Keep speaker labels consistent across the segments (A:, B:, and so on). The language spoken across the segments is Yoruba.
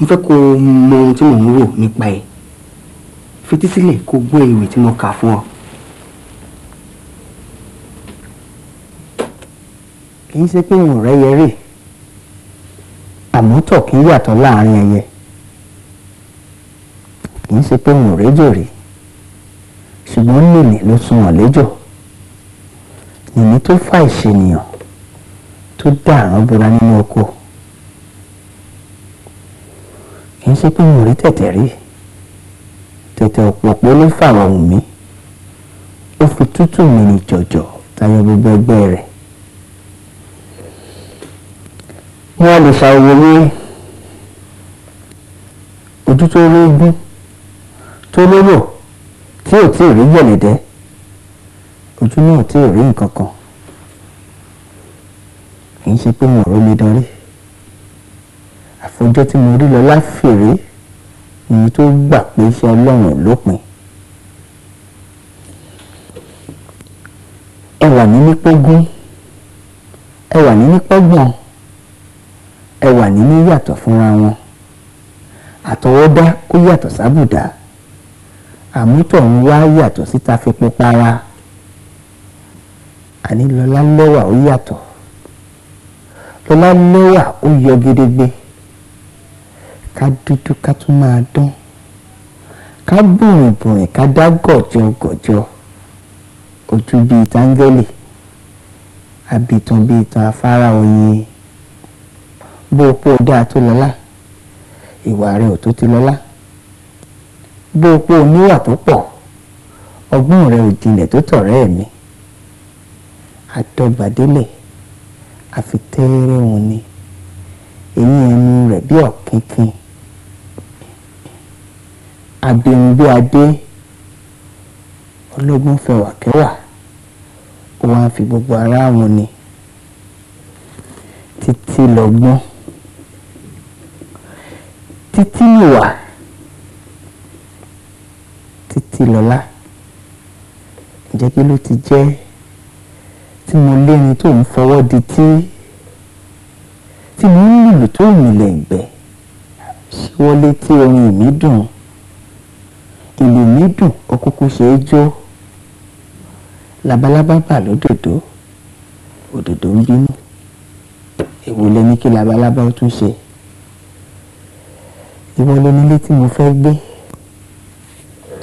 A: mo fẹ́ kó mọ ohun tí mò ń rò nípa ẹ̀ fetísílẹ̀ kó gbọ́ ìwé tí mo kà fún ọ. kì í ṣe pé òun rẹ̀ yẹrè àmútọ̀ kì í yàtọ̀ láàrin ẹyẹ kì í ṣe pé òun rẹ́jọ rè ṣùgbọ́n nìní ló sunwọ̀n lẹ́jọ́ nìní tó fà ìṣènìyàn tó dá àrán bora nínú oko kì í ṣe pé mo rí tẹ̀tẹ̀ rí tẹ̀tẹ̀ ọ̀pọ̀pọ̀ ló fàrọ̀ hùn mí ó fi tútù mi ní jọ̀jọ̀ tayọ gbogbo ẹgbẹ́ rẹ̀ mo wá lè ṣàwòrán wí ojú tó rí gún tó lérò tí ò tí ì rí yẹ̀lẹ̀dẹ́ ojú náà tí ì rí nǹkan kan kì ṣe pé mo rò mí dán àfọjọ́ tí mo rí lọ láfèrè èyí tó gbà pé iṣẹ́ ọlọ́run lópin. ẹ wà ní nípógún ẹ wà ní nípọ́gbọ̀n ẹ wà ní níyàtọ̀ fúnra wọn àtọwọ́dá kó yàtọ̀ sábùdá àmútọ̀run wá yàtọ̀ síta fi pípara àní lọ́lá lẹ́wà ó yàtọ̀ lọ́lá lẹ́wà ó yọ gedegbe ká dúdú ká tún máa dán ká bùrìn bùrìn ká dá gọ̀jọ gọ̀jọ ojú bíi táńgẹ́lì àbìtàn bíi ìtàn afárá oyin bó o pò dáa tó lọ́lá ìwà rẹ̀ ò tó ti lọ́lá bó o pò níwà tó pọ̀ ọgbọ́n rẹ̀ ò jinlẹ̀ tó tọ̀rẹ́ mi àdọ́gbàdélẹ̀ àfitẹ́rẹ́ wọn ni èyí ẹnu rẹ̀ bí ọ̀kínkín abirùn bí adé ọlọ́gbọ́n fẹwàkẹwà ó wá fi gbogbo ara wọn ni títí lọ́gbọ́n títí nìwà títí lọ́lá ǹjẹ́ kí ló ti jẹ́ tí mo lérin tó ń fọwọ́ di tí tí mo ń lùlù tó ń lẹ̀ ń ṣé wọ́n létí orin mi dùn rí dùn òkúkú ṣe é jó labalábá bà lódòdó òdòdó ń bínú èwo lẹ ní kí labalábá ó tún ṣe ìwọ ló nílé tí mo fẹ́ gbé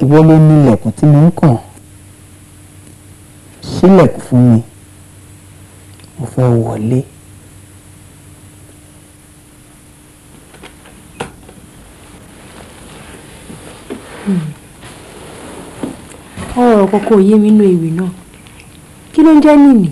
A: ìwọ ló ní ilẹ̀kùn tí mo ń kàn sílẹ̀kùn fún mi mo fẹ́ wọlé. Mm-hmm ọ̀rọ̀ kọ̀ọ̀kan ò yé mi nínú ewì náà kí ló ń jẹ́ nìní.